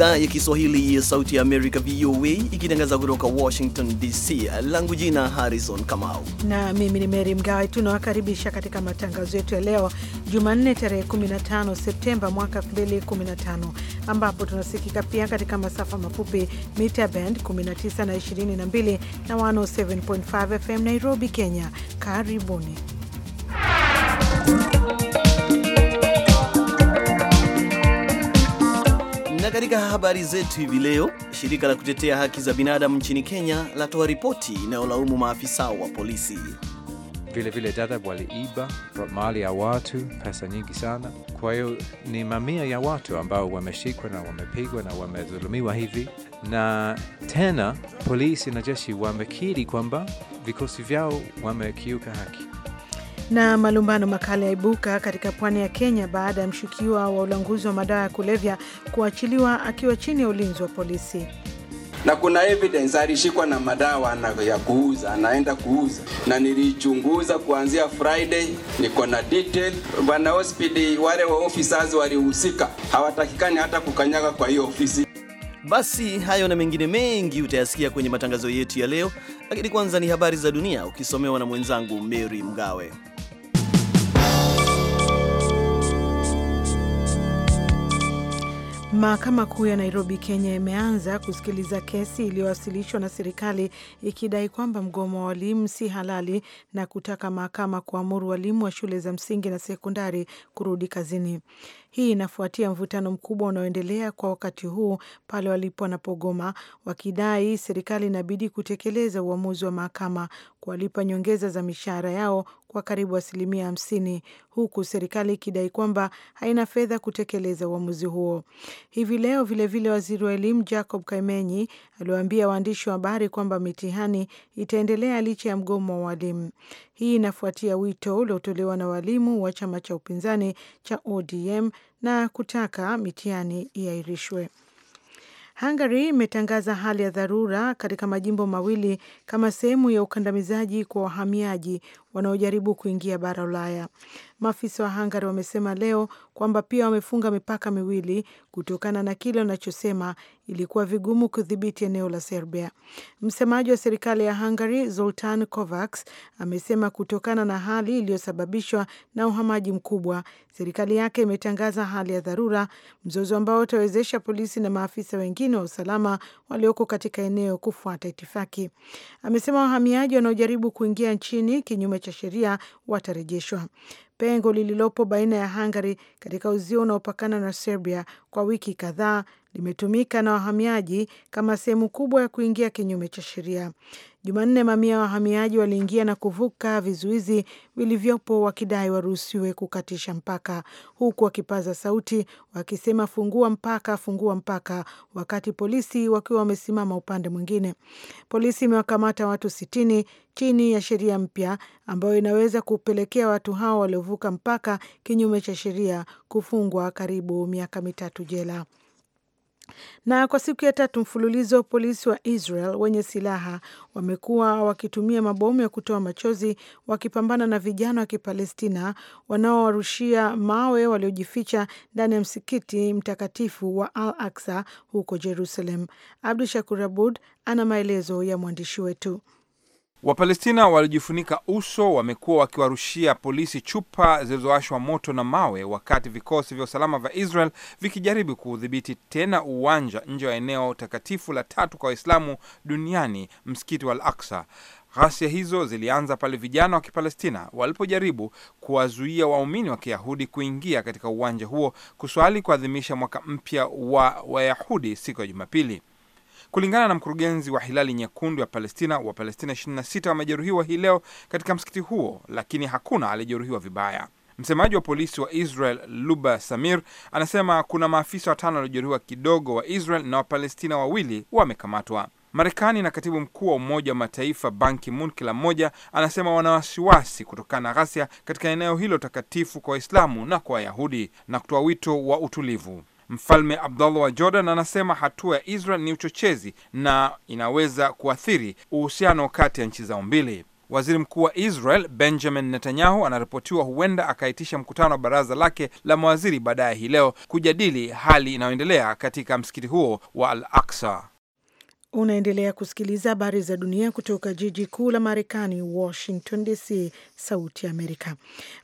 idhaa ya Kiswahili ya Sauti ya Amerika, VOA, ikitangaza kutoka Washington DC. Langu jina Harrison Kamau na mimi ni Mary Mgawe. Tunawakaribisha katika matangazo yetu ya leo Jumanne, tarehe 15 Septemba mwaka 2015, ambapo tunasikika pia katika masafa mafupi mita band 19 na 22 na 107.5 FM Nairobi, Kenya. Karibuni. Na katika habari zetu hivi leo, shirika la kutetea haki za binadamu nchini Kenya latoa ripoti inayolaumu maafisa wa polisi vilevile dada waliiba mali ya watu, pesa nyingi sana. Kwa hiyo ni mamia ya watu ambao wameshikwa na wamepigwa na wamedhulumiwa hivi, na tena polisi na jeshi wamekiri kwamba vikosi vyao wamekiuka haki na malumbano makali yaibuka katika pwani ya Kenya baada ya mshukiwa wa ulanguzi wa madawa ya kulevya kuachiliwa akiwa chini ya ulinzi wa polisi. Na kuna evidence alishikwa na madawa ya kuuza, anaenda kuuza, na nilichunguza kuanzia Friday, niko na detail bwana hospidi. Wale wa officers walihusika, hawatakikani hata kukanyaga kwa hiyo ofisi. Basi hayo na mengine mengi utayasikia kwenye matangazo yetu ya leo, lakini kwanza ni habari za dunia ukisomewa na mwenzangu Mary Mgawe. Mahakama Kuu ya Nairobi, Kenya imeanza kusikiliza kesi iliyowasilishwa na serikali ikidai kwamba mgomo wa walimu si halali na kutaka mahakama kuamuru walimu wa shule za msingi na sekondari kurudi kazini. Hii inafuatia mvutano mkubwa unaoendelea kwa wakati huu pale walipo wanapogoma wakidai serikali inabidi kutekeleza uamuzi wa mahakama kuwalipa nyongeza za mishahara yao kwa karibu asilimia hamsini huku serikali ikidai kwamba haina fedha kutekeleza uamuzi huo. Hivi leo vilevile waziri wa elimu Jacob Kaimenyi aliwaambia waandishi wa habari kwamba mitihani itaendelea licha ya mgomo wa walimu. Hii inafuatia wito uliotolewa na walimu wa chama cha upinzani cha ODM na kutaka mitihani iahirishwe. Hungary imetangaza hali ya dharura katika majimbo mawili kama sehemu ya ukandamizaji kwa wahamiaji wanaojaribu kuingia bara Ulaya. Maafisa wa Hungary wamesema leo kwamba pia wamefunga mipaka miwili kutokana na kile wanachosema ilikuwa vigumu kudhibiti eneo la Serbia. Msemaji wa serikali ya Hungary, Zoltan Kovacs, amesema kutokana na hali iliyosababishwa na uhamaji mkubwa, serikali yake imetangaza hali ya dharura, mzozo ambao utawezesha polisi na maafisa wengine wa usalama walioko katika eneo kufuata itifaki. Amesema wahamiaji wanaojaribu kuingia nchini kinyume cha sheria watarejeshwa. Pengo lililopo baina ya Hungary katika uzio unaopakana na Serbia kwa wiki kadhaa limetumika na wahamiaji kama sehemu kubwa ya kuingia kinyume cha sheria. Jumanne, mamia ya wahamiaji waliingia na kuvuka vizuizi vilivyopo wakidai waruhusiwe kukatisha mpaka, huku wakipaza sauti wakisema fungua mpaka, fungua mpaka, wakati polisi wakiwa wamesimama upande mwingine. Polisi imewakamata watu sitini chini ya sheria mpya ambayo inaweza kupelekea watu hao waliovuka mpaka kinyume cha sheria kufungwa karibu miaka mitatu jela. Na kwa siku ya tatu mfululizo, polisi wa Israel wenye silaha wamekuwa wakitumia mabomu ya kutoa machozi wakipambana na vijana wa Kipalestina wanaowarushia mawe waliojificha ndani ya msikiti mtakatifu wa Al Aksa huko Jerusalem. Abdu Shakur Abud ana maelezo ya mwandishi wetu. Wapalestina waliojifunika uso wamekuwa wakiwarushia polisi chupa zilizowashwa moto na mawe wakati vikosi vya usalama vya Israel vikijaribu kuudhibiti tena uwanja nje wa eneo takatifu la tatu kwa Waislamu duniani, msikiti wa al aksa Ghasia hizo zilianza pale vijana wa Kipalestina walipojaribu kuwazuia waumini wa Kiyahudi kuingia katika uwanja huo kuswali kuadhimisha mwaka mpya wa Wayahudi siku ya Jumapili. Kulingana na mkurugenzi wa Hilali Nyekundu ya Palestina, wa palestina 26 wamejeruhiwa hii leo katika msikiti huo, lakini hakuna aliyejeruhiwa vibaya. Msemaji wa polisi wa Israel Luba Samir anasema kuna maafisa watano waliojeruhiwa kidogo wa Israel na Wapalestina wawili wamekamatwa. Marekani na katibu mkuu wa Umoja wa Mataifa Ban Ki-moon kila mmoja anasema wana wasiwasi kutokana na ghasia katika eneo hilo takatifu kwa Waislamu na kwa Wayahudi na kutoa wito wa utulivu. Mfalme Abdullah wa Jordan anasema hatua ya Israel ni uchochezi na inaweza kuathiri uhusiano kati ya nchi zao mbili. Waziri mkuu wa Israel Benjamin Netanyahu anaripotiwa huenda akaitisha mkutano wa baraza lake la mawaziri baadaye hii leo kujadili hali inayoendelea katika msikiti huo wa Al Aksa. Unaendelea kusikiliza habari za dunia kutoka jiji kuu la Marekani, Washington DC, sauti Amerika.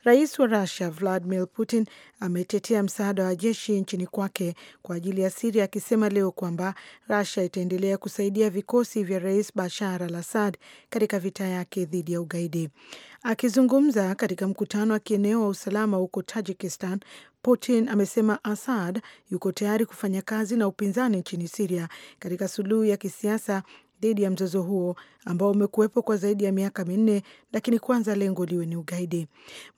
Rais wa Rusia Vladimir Putin ametetea msaada wa jeshi nchini kwake kwa ajili ya Siria, akisema leo kwamba Rusia itaendelea kusaidia vikosi vya Rais Bashar al Assad katika vita yake dhidi ya ugaidi. Akizungumza katika mkutano wa kieneo wa usalama huko Tajikistan, Putin amesema Assad yuko tayari kufanya kazi na upinzani nchini Siria katika suluhu ya kisiasa dhidi ya mzozo huo ambao umekuwepo kwa zaidi ya miaka minne, lakini kwanza lengo liwe ni ugaidi.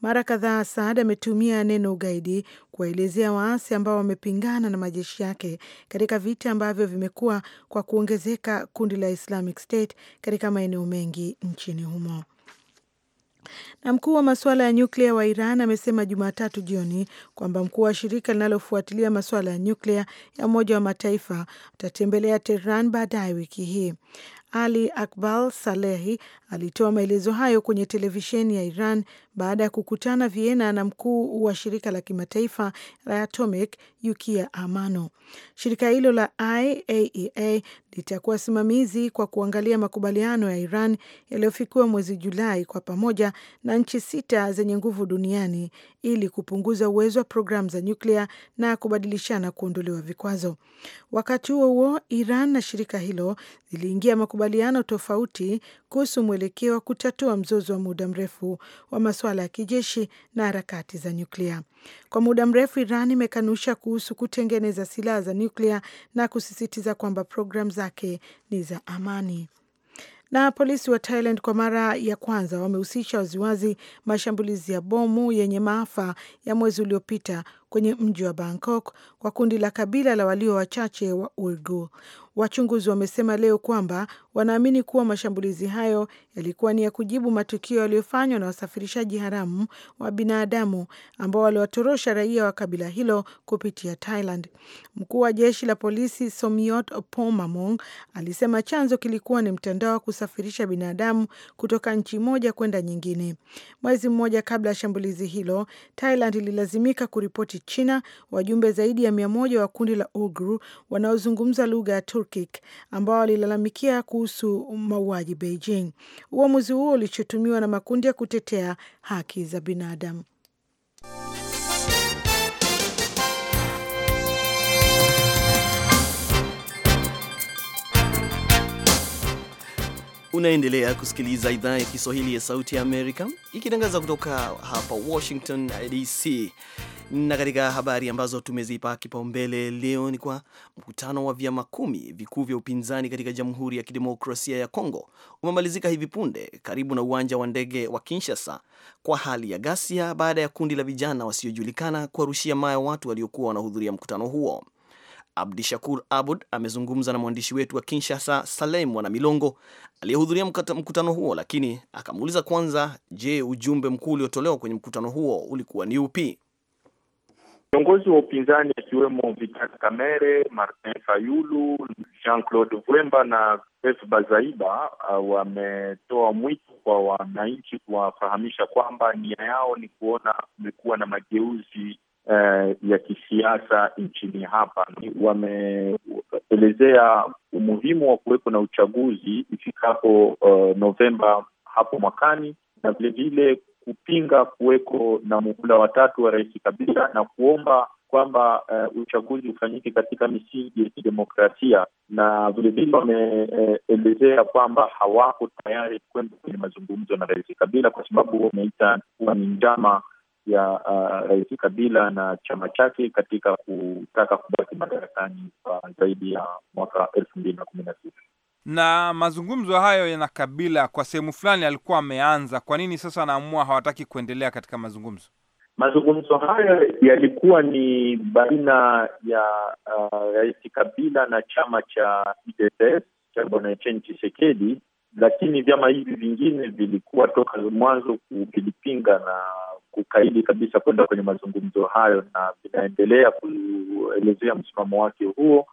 Mara kadhaa asad ametumia neno ugaidi kuwaelezea waasi ambao wamepingana na majeshi yake katika vita ambavyo vimekuwa kwa kuongezeka kundi la Islamic State katika maeneo mengi nchini humo. Na mkuu wa masuala ya nyuklia wa Iran amesema Jumatatu jioni kwamba mkuu wa shirika linalofuatilia masuala ya nyuklia ya Umoja wa Mataifa atatembelea Tehran baadaye wiki hii. Ali akbal Salehi Alitoa maelezo hayo kwenye televisheni ya Iran baada ya kukutana Vienna na mkuu wa shirika la kimataifa la Atomic Yukia Amano. Shirika hilo la IAEA e litakuwa simamizi kwa kuangalia makubaliano ya Iran yaliyofikiwa mwezi Julai kwa pamoja na nchi sita zenye nguvu duniani ili kupunguza uwezo wa programu za nyuklia na kubadilishana kuondolewa vikwazo. Wakati huo huo, Iran na shirika hilo ziliingia makubaliano tofauti kuhusu unaoelekewa kutatua mzozo wa muda mrefu wa masuala ya kijeshi na harakati za nyuklia. Kwa muda mrefu, Iran imekanusha kuhusu kutengeneza silaha za nyuklia na kusisitiza kwamba programu zake ni za amani. Na polisi wa Thailand kwa mara ya kwanza wamehusisha waziwazi mashambulizi ya bomu yenye maafa ya mwezi uliopita kwenye mji wa Bangkok kwa kundi la kabila la walio wachache wa Uighur. Wachunguzi wamesema leo kwamba wanaamini kuwa mashambulizi hayo yalikuwa ni ya kujibu matukio yaliyofanywa na wasafirishaji haramu wa binadamu ambao waliwatorosha raia wa kabila hilo kupitia Thailand. Mkuu wa jeshi la polisi Somyot pomamong alisema chanzo kilikuwa ni mtandao wa kusafirisha binadamu kutoka nchi moja kwenda nyingine. Mwezi mmoja kabla ya shambulizi hilo, Thailand ililazimika kuripoti China wajumbe zaidi ya mia moja wa kundi la Uighur wanaozungumza lugha ya Turkic ambao walilalamikia kuhusu mauaji Beijing. Uamuzi huo ulichotumiwa na makundi ya kutetea haki za binadamu. Unaendelea kusikiliza idhaa ya Kiswahili ya Sauti ya Amerika ikitangaza kutoka hapa Washington DC. Na katika habari ambazo tumezipa kipaumbele leo ni kwa mkutano wa vyama kumi vikuu vya upinzani katika Jamhuri ya Kidemokrasia ya Kongo umemalizika hivi punde karibu na uwanja wa ndege wa Kinshasa kwa hali ya ghasia baada ya kundi la vijana wasiojulikana kuwarushia mawe watu waliokuwa wanahudhuria mkutano huo. Abdishakur Abud amezungumza na mwandishi wetu wa Kinshasa, Salem milongo aliyehudhuria mkutano huo, lakini akamuuliza kwanza, je, ujumbe mkuu uliotolewa kwenye mkutano huo ulikuwa ni upi? Viongozi wa upinzani akiwemo Vital Kamerhe, Martin Fayulu, Jean-Claude Vwemba na Joseph Bazaiba uh, wametoa mwito kwa wananchi kuwafahamisha kwamba nia yao ni kuona kumekuwa na mageuzi eh, ya kisiasa nchini hapa wameelezea umuhimu wa kuwepo na uchaguzi ifikapo uh, Novemba hapo mwakani na vilevile kupinga kuweko na muhula watatu wa rais Kabila na kuomba kwamba uh, uchaguzi ufanyike katika misingi ya kidemokrasia, na vilevile wameelezea eh, kwamba hawako tayari kwenda kwenye mazungumzo na rais Kabila kwa sababu wameita kuwa ni njama ya uh, Rais Kabila na chama chake katika kutaka kubaki madarakani kwa zaidi ya mwaka elfu mbili na kumi na sita na mazungumzo hayo yana Kabila kwa sehemu fulani alikuwa ameanza. Kwa nini sasa anaamua hawataki kuendelea katika mazungumzo? Mazungumzo hayo yalikuwa ni baina ya uh, Rais Kabila na chama cha UDPS cha Bwana Etienne Tshisekedi, lakini vyama hivi vingine vilikuwa toka mwanzo vilipinga na kukaidi kabisa kwenda kwenye mazungumzo hayo na vinaendelea kuelezea msimamo wake huo.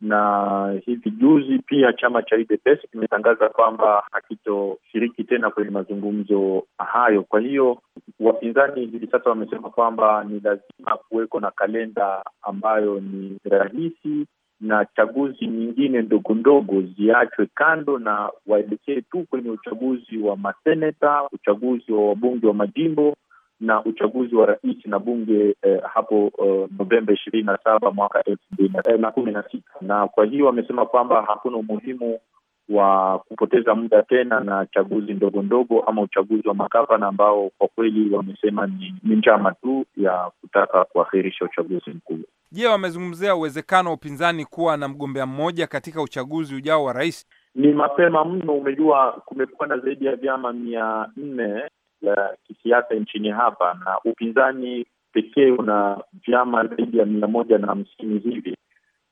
Na hivi juzi pia chama cha UDPS kimetangaza kwamba hakitoshiriki tena kwenye mazungumzo hayo. Kwa hiyo wapinzani hivi sasa wamesema kwamba ni lazima kuweko na kalenda ambayo ni rahisi na chaguzi nyingine ndogo ndogo ziachwe kando na waelekee tu kwenye uchaguzi wa maseneta, uchaguzi wa wabunge wa majimbo na uchaguzi wa rais na bunge eh, hapo eh, Novemba ishirini na saba mwaka elfu mbili eh, na kumi na sita na kwa hiyo wamesema kwamba hakuna umuhimu wa kupoteza muda tena na chaguzi ndogo ndogo ama uchaguzi wa makavana ambao kwa kweli wamesema ni, ni njama tu ya kutaka kuahirisha uchaguzi mkuu. Je, wamezungumzia uwezekano wa upinzani kuwa na mgombea mmoja katika uchaguzi ujao wa rais? Ni mapema mno. Umejua, kumekuwa na zaidi ya vyama mia nne ya kisiasa nchini hapa, na upinzani pekee una vyama zaidi ya mia moja na hamsini hivi.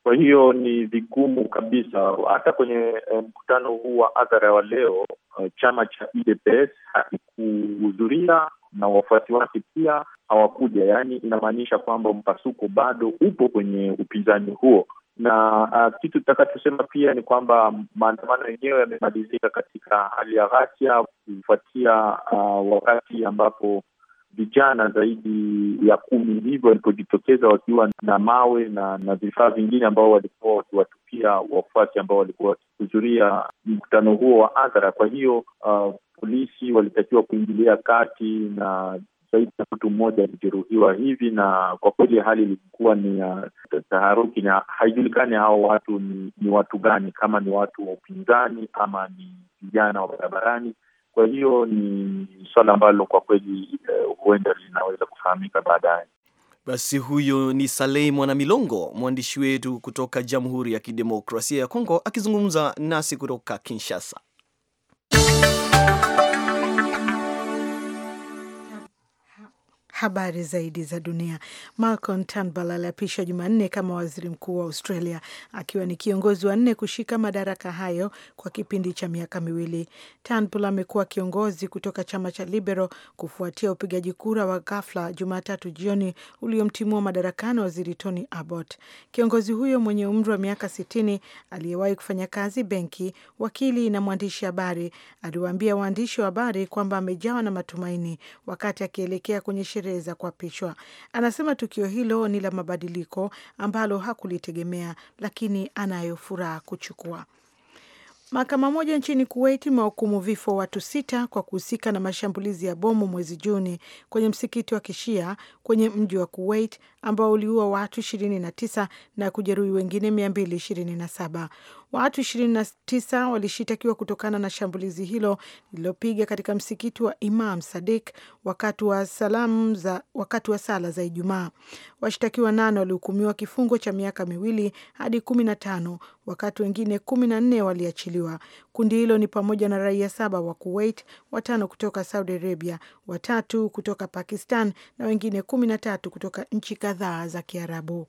Kwa hiyo ni vigumu kabisa. Hata kwenye eh, mkutano huu wa hadhara wa leo, eh, chama cha UDPS hakikuhudhuria na wafuasi wake pia hawakuja. Yaani, inamaanisha kwamba mpasuko bado upo kwenye upinzani huo na uh, kitu tutakachosema pia ni kwamba maandamano yenyewe yamemalizika katika hali ya ghasia kufuatia uh, wakati ambapo vijana zaidi ya kumi hivyo walipojitokeza wakiwa na mawe na na vifaa vingine ambao walikuwa wakiwatupia wafuasi ambao walikuwa wakihudhuria mkutano huo wa adhara Kwa hiyo uh, polisi walitakiwa kuingilia kati na zaidi ya mtu mmoja alijeruhiwa hivi, na kwa kweli hali ilikuwa ni ya taharuki, na haijulikani hao watu ni, ni watu gani, kama ni watu wa upinzani ama ni vijana wa barabarani. Kwa hiyo ni suala ambalo kwa kweli eh, huenda uh, linaweza kufahamika baadaye. Basi huyo ni Salei Mwanamilongo, mwandishi wetu kutoka Jamhuri ya Kidemokrasia ya Kongo akizungumza nasi kutoka Kinshasa. habari zaidi za dunia. Malcolm Turnbull aliapishwa Jumanne kama waziri mkuu wa Australia, akiwa ni kiongozi wa nne kushika madaraka hayo kwa kipindi cha miaka miwili. Turnbull amekuwa kiongozi kutoka chama cha Liberal kufuatia upigaji kura wa ghafla Jumatatu jioni uliomtimua madarakani waziri Tony Abbott. Kiongozi huyo mwenye umri wa miaka sitini aliyewahi kufanya kazi benki, wakili na mwandishi habari aliwaambia waandishi wa habari kwamba amejawa na matumaini wakati akielekea kwenye sherehe sherehe za kuapishwa. Anasema tukio hilo ni la mabadiliko ambalo hakulitegemea, lakini anayo furaha kuchukua. Mahakama moja nchini Kuwait imewahukumu vifo watu sita kwa kuhusika na mashambulizi ya bomu mwezi Juni kwenye msikiti wa kishia kwenye mji wa Kuwait ambao uliua watu 29 na kujeruhi wengine 227. Watu 29 walishitakiwa kutokana na shambulizi hilo lililopiga katika msikiti wa Imam Sadik wakati wa salamu za wakati wa sala za Ijumaa. Washtakiwa nane walihukumiwa kifungo cha miaka miwili hadi 15 wakati wengine 14 waliachiliwa. Kundi hilo ni pamoja na raia saba wa Kuwait, watano kutoka Saudi Arabia, watatu kutoka Pakistan na wengine kumi na tatu kutoka nchi kadhaa za Kiarabu.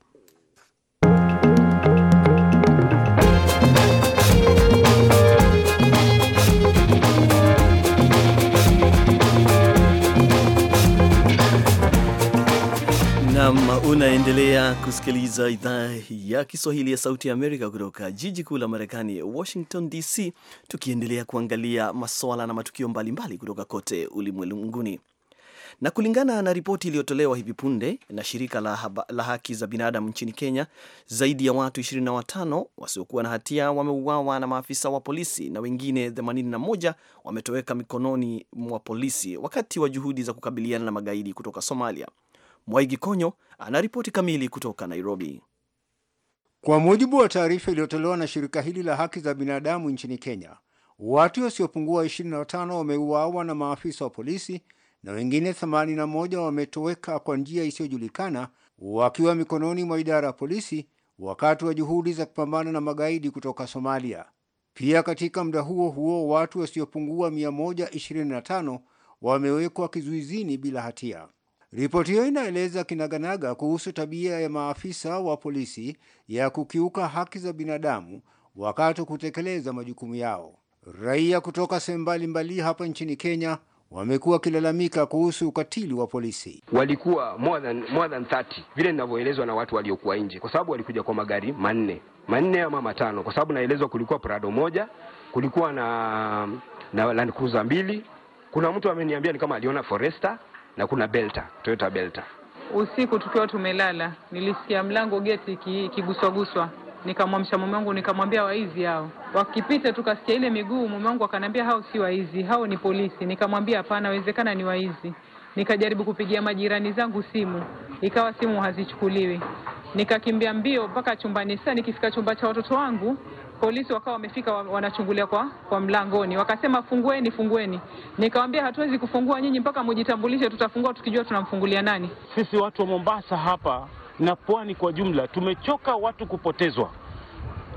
Nam, unaendelea kusikiliza idhaa ya Kiswahili ya Sauti ya Amerika kutoka jiji kuu la Marekani, Washington DC, tukiendelea kuangalia maswala na matukio mbalimbali kutoka kote ulimwenguni. Na kulingana na ripoti iliyotolewa hivi punde na shirika la, haba, la haki za binadamu nchini Kenya, zaidi ya watu 25 wasiokuwa na hatia wameuawa na maafisa wa polisi na wengine 81 wametoweka mikononi mwa polisi wakati wa juhudi za kukabiliana na magaidi kutoka Somalia. Mwaigi Konyo anaripoti kamili kutoka Nairobi. Kwa mujibu wa taarifa iliyotolewa na shirika hili la haki za binadamu nchini Kenya, watu wasiopungua 25 wameuawa na maafisa wa polisi na wengine 81 wametoweka kwa njia isiyojulikana wakiwa mikononi mwa idara ya polisi wakati wa juhudi za kupambana na magaidi kutoka Somalia. Pia katika muda huo huo watu wasiopungua 125 wamewekwa kizuizini bila hatia. Ripoti hiyo inaeleza kinaganaga kuhusu tabia ya maafisa wa polisi ya kukiuka haki za binadamu wakati wa kutekeleza majukumu yao. Raia kutoka sehemu mbalimbali hapa nchini Kenya wamekuwa wakilalamika kuhusu ukatili wa polisi. Walikuwa more than, more than 30 vile ninavyoelezwa na watu waliokuwa nje, kwa sababu walikuja kwa magari manne manne ama matano, kwa sababu naelezwa kulikuwa Prado moja, kulikuwa na, na Land Cruiser mbili. Kuna mtu ameniambia ni kama aliona Forester na kuna Belta, Toyota Belta. Usiku tukiwa tumelala, nilisikia mlango geti ikiguswaguswa nikamwamsha mume wangu nikamwambia, waizi hao wakipita, tukasikia ile miguu. Mume wangu akaniambia, hao si waizi, hao ni polisi. Nikamwambia hapana, awezekana ni waizi. Nikajaribu kupigia majirani zangu simu, ikawa simu hazichukuliwi. Nikakimbia mbio mpaka chumbani. Sasa nikifika chumba cha watoto wangu, polisi wakawa wamefika wanachungulia kwa, kwa mlangoni, wakasema fungueni, fungueni. Nikawambia hatuwezi kufungua nyinyi mpaka mujitambulishe, tutafungua tukijua tunamfungulia nani. Sisi watu wa Mombasa hapa na pwani kwa jumla tumechoka watu kupotezwa.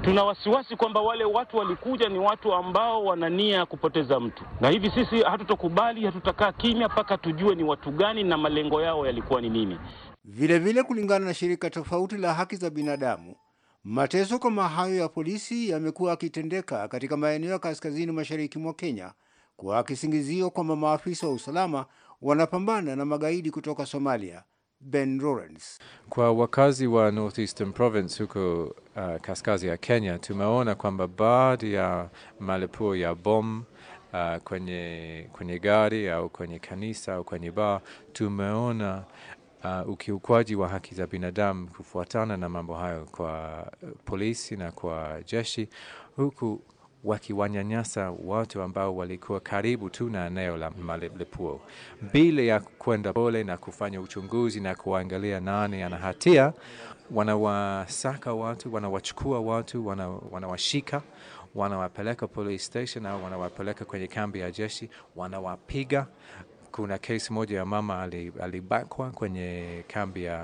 Tuna wasiwasi kwamba wale watu walikuja ni watu ambao wana nia ya kupoteza mtu, na hivi sisi hatutokubali, hatutakaa kimya mpaka tujue ni watu gani na malengo yao yalikuwa ni nini. Vilevile, kulingana na shirika tofauti la haki za binadamu Mateso kama hayo ya polisi yamekuwa yakitendeka katika maeneo ya kaskazini mashariki mwa Kenya kwa kisingizio kwamba maafisa wa usalama wanapambana na magaidi kutoka Somalia. Ben Lawrence. Kwa wakazi wa Northeastern Province huko uh, kaskazi ya Kenya, tumeona kwamba baadhi ya malipuo ya bom uh, kwenye, kwenye gari au kwenye kanisa au kwenye bar tumeona uh, ukiukwaji wa haki za binadamu kufuatana na mambo hayo kwa uh, polisi na kwa jeshi, huku wakiwanyanyasa watu ambao walikuwa karibu tu na eneo la malipuo bila ya kwenda pole na kufanya uchunguzi na kuangalia nani ana hatia. Wanawasaka watu, wanawachukua watu, wanawashika, wanawapeleka police station au wanawapeleka kwenye kambi ya jeshi, wanawapiga kuna kesi moja ya mama alibakwa ali kwenye kambi ya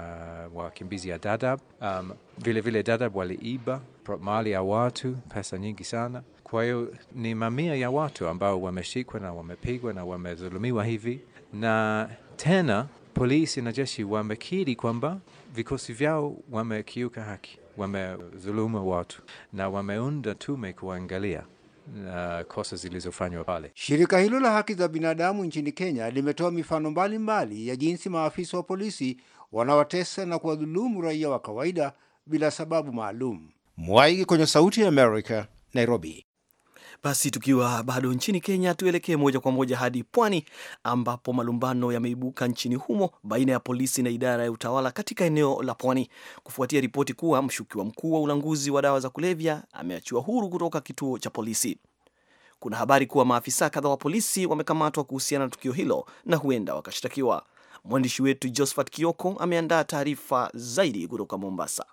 wakimbizi ya Dadab. Um, vile vile waliiba mali ya watu, pesa nyingi sana. Kwa hiyo ni mamia ya watu ambao wameshikwa na wamepigwa na wamedhulumiwa hivi, na tena polisi na jeshi wamekiri kwamba vikosi vyao wamekiuka haki, wamedhuluma watu na wameunda tume kuangalia na kosa zilizofanywa pale. Shirika hilo la haki za binadamu nchini Kenya limetoa mifano mbalimbali mbali ya jinsi maafisa wa polisi wanawatesa na kuwadhulumu raia wa kawaida bila sababu maalum. Mwaigi kwenye Sauti ya Amerika, Nairobi. Basi tukiwa bado nchini Kenya, tuelekee moja kwa moja hadi pwani ambapo malumbano yameibuka nchini humo baina ya polisi na idara ya utawala katika eneo la pwani kufuatia ripoti kuwa mshukiwa mkuu wa ulanguzi wa dawa za kulevya ameachiwa huru kutoka kituo cha polisi. Kuna habari kuwa maafisa kadhaa wa polisi wamekamatwa kuhusiana na tukio hilo na huenda wakashtakiwa. Mwandishi wetu Josephat Kioko ameandaa taarifa zaidi kutoka Mombasa.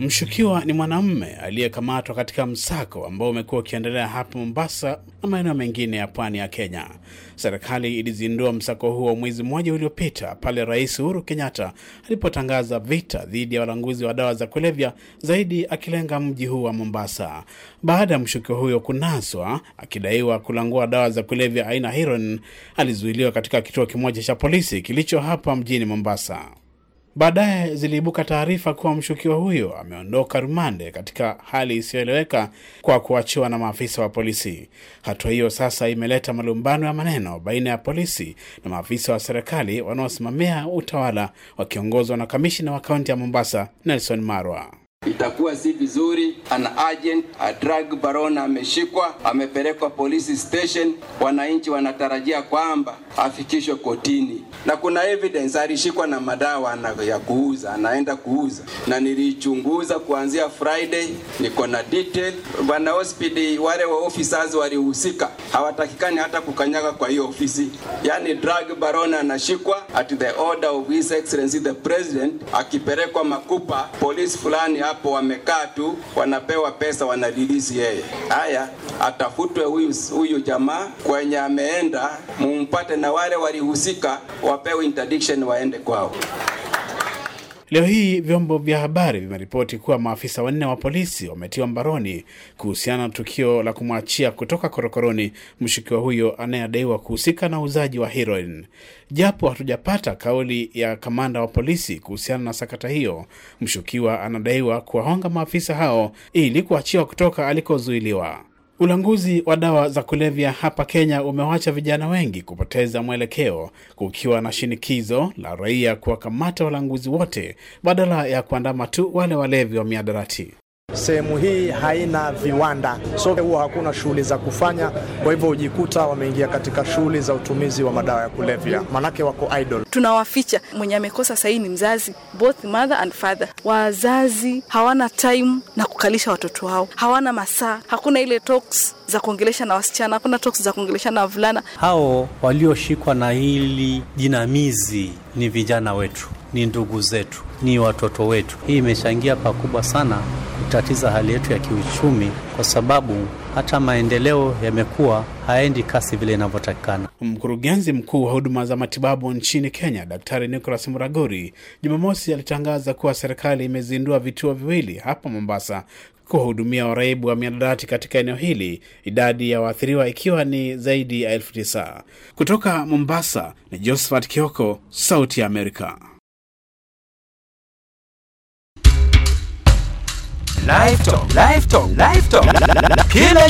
Mshukiwa ni mwanamume aliyekamatwa katika msako ambao umekuwa ukiendelea hapa Mombasa na maeneo mengine ya pwani ya Kenya. Serikali ilizindua msako huo mwezi mmoja uliopita pale Rais Uhuru Kenyatta alipotangaza vita dhidi ya walanguzi wa dawa za kulevya, zaidi akilenga mji huu wa Mombasa, baada ya mshukiwa huyo kunaswa akidaiwa kulangua dawa za kulevya aina heroin. Alizuiliwa katika kituo kimoja cha polisi kilicho hapa mjini Mombasa. Baadaye ziliibuka taarifa kuwa mshukiwa huyo ameondoka rumande katika hali isiyoeleweka kwa kuachiwa na maafisa wa polisi. Hatua hiyo sasa imeleta malumbano ya maneno baina ya polisi na maafisa wa serikali wanaosimamia utawala wakiongozwa na kamishina wa kaunti ya Mombasa, Nelson Marwa. Itakuwa si vizuri, an agent a drug baron ameshikwa, amepelekwa police station, wananchi wanatarajia kwamba afikishwe kotini na kuna evidence alishikwa na madawa na ya kuuza, anaenda kuuza, na nilichunguza kuanzia Friday, niko na detail. Bwana hospidi, wale wa officers walihusika, hawatakikani hata kukanyaga kwa hiyo ofisi. Yani drug baron anashikwa at the order of his excellency the president, akipelekwa Makupa police fulani hapo wamekaa tu, wanapewa pesa, wanadilizi yeye. Haya, atafutwe huyu, huyu jamaa kwenye ameenda, mumpate na wale walihusika wapewe interdiction, waende kwao. Leo hii vyombo vya habari vimeripoti kuwa maafisa wanne wa polisi wametiwa mbaroni kuhusiana na tukio la kumwachia kutoka korokoroni mshukiwa huyo anayedaiwa kuhusika na uuzaji wa heroin. Japo hatujapata kauli ya kamanda wa polisi kuhusiana na sakata hiyo, mshukiwa anadaiwa kuwahonga maafisa hao ili kuachiwa kutoka alikozuiliwa. Ulanguzi wa dawa za kulevya hapa Kenya umewacha vijana wengi kupoteza mwelekeo, kukiwa na shinikizo la raia kuwakamata walanguzi wote badala ya kuandama tu wale walevi wa miadarati. Sehemu hii haina viwanda, so huwa hakuna shughuli za kufanya, kwa hivyo hujikuta wameingia katika shughuli za utumizi wa madawa ya kulevya, manake wako idol. Tunawaficha mwenye amekosa sahihi ni mzazi, both mother and father. Wazazi hawana time na kukalisha watoto wao, hawana masaa, hakuna ile talks za kuongelesha na wasichana, hakuna talks za kuongelesha na wavulana. Hao walioshikwa na hili jinamizi ni vijana wetu, ni ndugu zetu, ni watoto wetu. Hii imechangia pakubwa sana kutatiza hali yetu ya kiuchumi, kwa sababu hata maendeleo yamekuwa haendi kasi vile inavyotakikana. Mkurugenzi mkuu wa huduma za matibabu nchini Kenya, Daktari Nicholas Muragori, Jumamosi alitangaza kuwa serikali imezindua vituo viwili hapa Mombasa kuwahudumia waraibu wa miadarati katika eneo hili, idadi ya waathiriwa ikiwa ni zaidi ya elfu tisa. Kutoka Mombasa ni Josephat Kioko, Sauti ya Amerika. Kila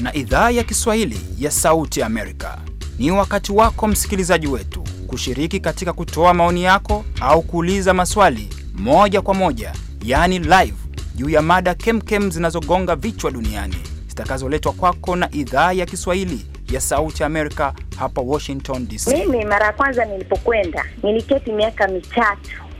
na idhaa ya Kiswahili ya Sauti Amerika. Ni wakati wako msikilizaji wetu kushiriki katika kutoa maoni yako au kuuliza maswali moja kwa moja, yani live, juu ya mada kemkem zinazogonga vichwa duniani zitakazoletwa kwako na idhaa ya Kiswahili ya Sauti Amerika hapa Washington DC. Mimi mara ya kwanza nilipokwenda niliketi miaka mitatu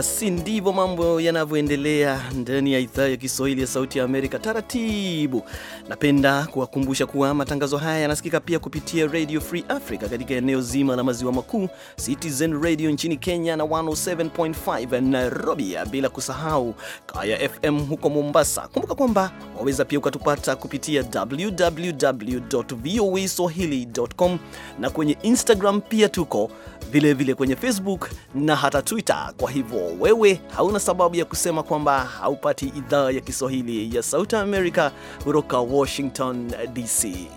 Basi ndivyo mambo yanavyoendelea ndani ya idhaa ya Kiswahili ya Sauti ya Amerika. Taratibu Napenda kuwakumbusha kuwa matangazo haya yanasikika pia kupitia Radio Free Africa katika eneo zima la maziwa makuu, Citizen Radio nchini Kenya na 107.5 Nairobi, bila kusahau Kaya FM huko Mombasa. Kumbuka kwamba waweza pia ukatupata kupitia www voa swahilicom na kwenye Instagram pia tuko vilevile, vile kwenye Facebook na hata Twitter. Kwa hivyo wewe hauna sababu ya kusema kwamba haupati idhaa ya Kiswahili ya Sauti Amerika kutoka Washington, D.C.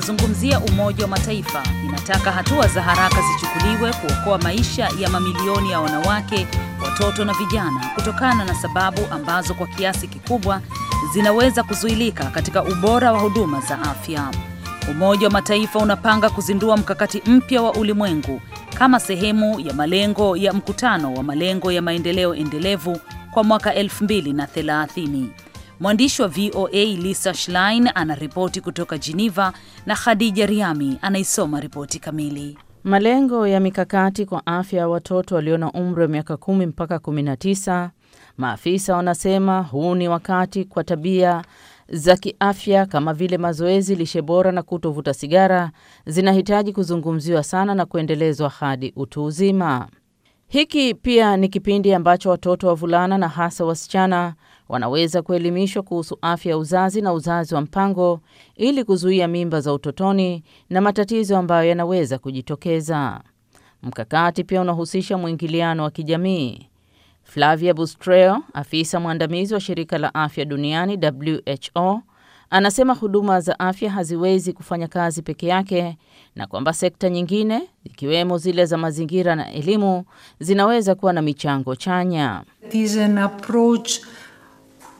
inayozungumzia Umoja wa Mataifa inataka hatua za haraka zichukuliwe kuokoa maisha ya mamilioni ya wanawake, watoto na vijana kutokana na sababu ambazo kwa kiasi kikubwa zinaweza kuzuilika katika ubora wa huduma za afya. Umoja wa Mataifa unapanga kuzindua mkakati mpya wa ulimwengu kama sehemu ya malengo ya mkutano wa malengo ya maendeleo endelevu kwa mwaka 2030. Mwandishi wa VOA Lisa Schlein anaripoti kutoka Geneva na Khadija Riami anaisoma ripoti kamili. Malengo ya mikakati kwa afya ya watoto walio na umri wa miaka kumi mpaka kumi na tisa. Maafisa wanasema huu ni wakati kwa tabia za kiafya kama vile mazoezi, lishe bora na kutovuta sigara zinahitaji kuzungumziwa sana na kuendelezwa hadi utu uzima. Hiki pia ni kipindi ambacho watoto wavulana na hasa wasichana wanaweza kuelimishwa kuhusu afya ya uzazi na uzazi wa mpango ili kuzuia mimba za utotoni na matatizo ambayo yanaweza kujitokeza. Mkakati pia unahusisha mwingiliano wa kijamii. Flavia Bustreo, afisa mwandamizi wa shirika la afya duniani WHO, anasema huduma za afya haziwezi kufanya kazi peke yake na kwamba sekta nyingine ikiwemo zile za mazingira na elimu zinaweza kuwa na michango chanya. It is an approach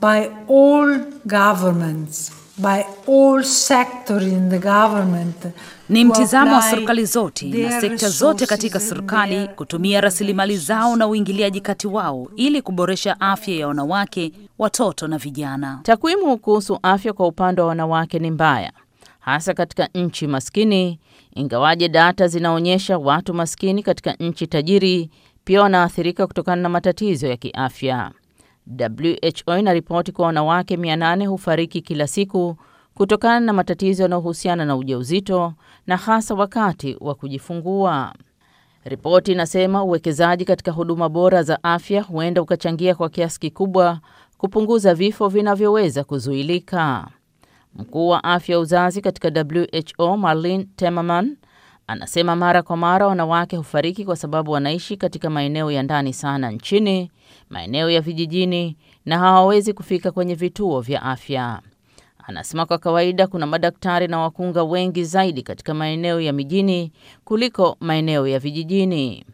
by all governments. By all sector in the government, ni mtizamo wa serikali zote na sekta zote katika serikali kutumia rasilimali zao na uingiliaji kati wao ili kuboresha afya ya wanawake, watoto na vijana. Takwimu kuhusu afya kwa upande wa wanawake ni mbaya, hasa katika nchi maskini, ingawaje data zinaonyesha watu maskini katika nchi tajiri pia wanaathirika kutokana na matatizo ya kiafya. WHO inaripoti kwa wanawake 800 hufariki kila siku kutokana na matatizo yanayohusiana na ujauzito na hasa wakati wa kujifungua. Ripoti inasema uwekezaji katika huduma bora za afya huenda ukachangia kwa kiasi kikubwa kupunguza vifo vinavyoweza kuzuilika. Mkuu wa afya ya uzazi katika WHO Marlene Temerman Anasema mara kwa mara wanawake hufariki kwa sababu wanaishi katika maeneo ya ndani sana nchini, maeneo ya vijijini na hawawezi kufika kwenye vituo vya afya. Anasema kwa kawaida kuna madaktari na wakunga wengi zaidi katika maeneo ya mijini kuliko maeneo ya vijijini.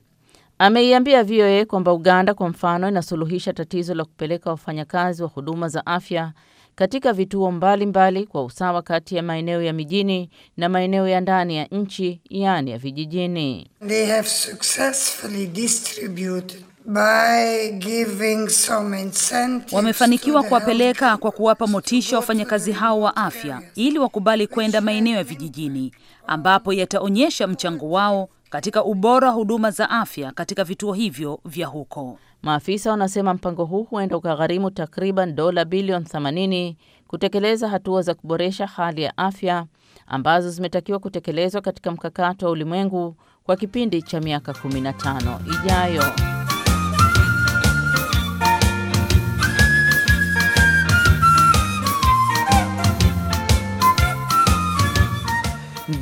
Ameiambia VOA kwamba Uganda kwa mfano inasuluhisha tatizo la kupeleka wafanyakazi wa huduma za afya katika vituo mbalimbali mbali kwa usawa kati ya maeneo ya mijini na maeneo ya ndani ya nchi yaani ya vijijini. They have successfully distributed By giving some incentives wamefanikiwa kuwapeleka kwa kuwapa motisha wafanyakazi hao wa afya ili wakubali kwenda maeneo ya vijijini ambapo yataonyesha mchango wao katika ubora wa huduma za afya katika vituo hivyo vya huko. Maafisa wanasema mpango huu huenda ukagharimu takriban dola bilioni 80 kutekeleza hatua za kuboresha hali ya afya ambazo zimetakiwa kutekelezwa katika mkakato wa ulimwengu kwa kipindi cha miaka 15 ijayo.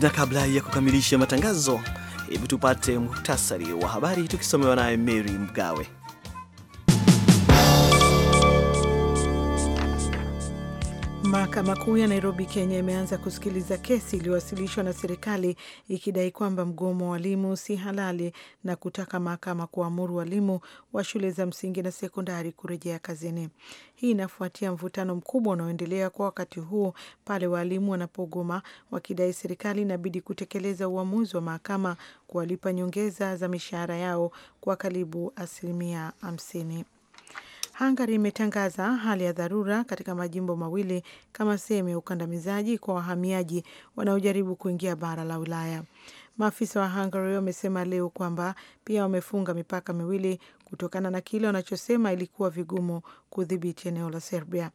Na kabla ya kukamilisha matangazo, hebu tupate muhtasari wa habari tukisomewa naye Mary Mgawe. Mahakama Kuu ya Nairobi, Kenya imeanza kusikiliza kesi iliyowasilishwa na serikali ikidai kwamba mgomo wa walimu si halali na kutaka mahakama kuamuru walimu wa shule za msingi na sekondari kurejea kazini. Hii inafuatia mvutano mkubwa unaoendelea kwa wakati huu pale waalimu wanapogoma wakidai serikali inabidi kutekeleza uamuzi wa mahakama kuwalipa nyongeza za mishahara yao kwa karibu asilimia hamsini. Hungary imetangaza hali ya dharura katika majimbo mawili kama sehemu ya ukandamizaji kwa wahamiaji wanaojaribu kuingia bara la Ulaya. Maafisa wa Hungary wamesema leo kwamba pia wamefunga mipaka miwili kutokana na kile wanachosema ilikuwa vigumu kudhibiti eneo la Serbia.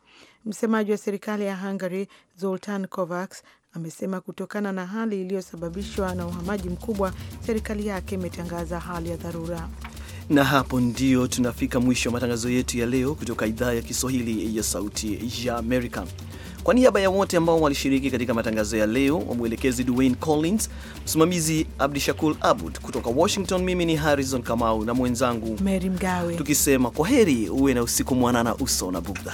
Msemaji wa serikali ya Hungary, Zoltan Kovacs, amesema kutokana na hali iliyosababishwa na uhamaji mkubwa, serikali yake imetangaza hali ya dharura. Na hapo ndio tunafika mwisho wa matangazo yetu ya leo kutoka idhaa ya Kiswahili ya Sauti ya Amerika. Kwa niaba ya wote ambao walishiriki katika matangazo ya leo, wa mwelekezi Dwayne Collins, msimamizi abdishakur Shakur Abud kutoka Washington, mimi ni Harrison Kamau na mwenzangu Mary Mgawe, tukisema kwa heri, uwe na usiku mwanana, uso na bugdha.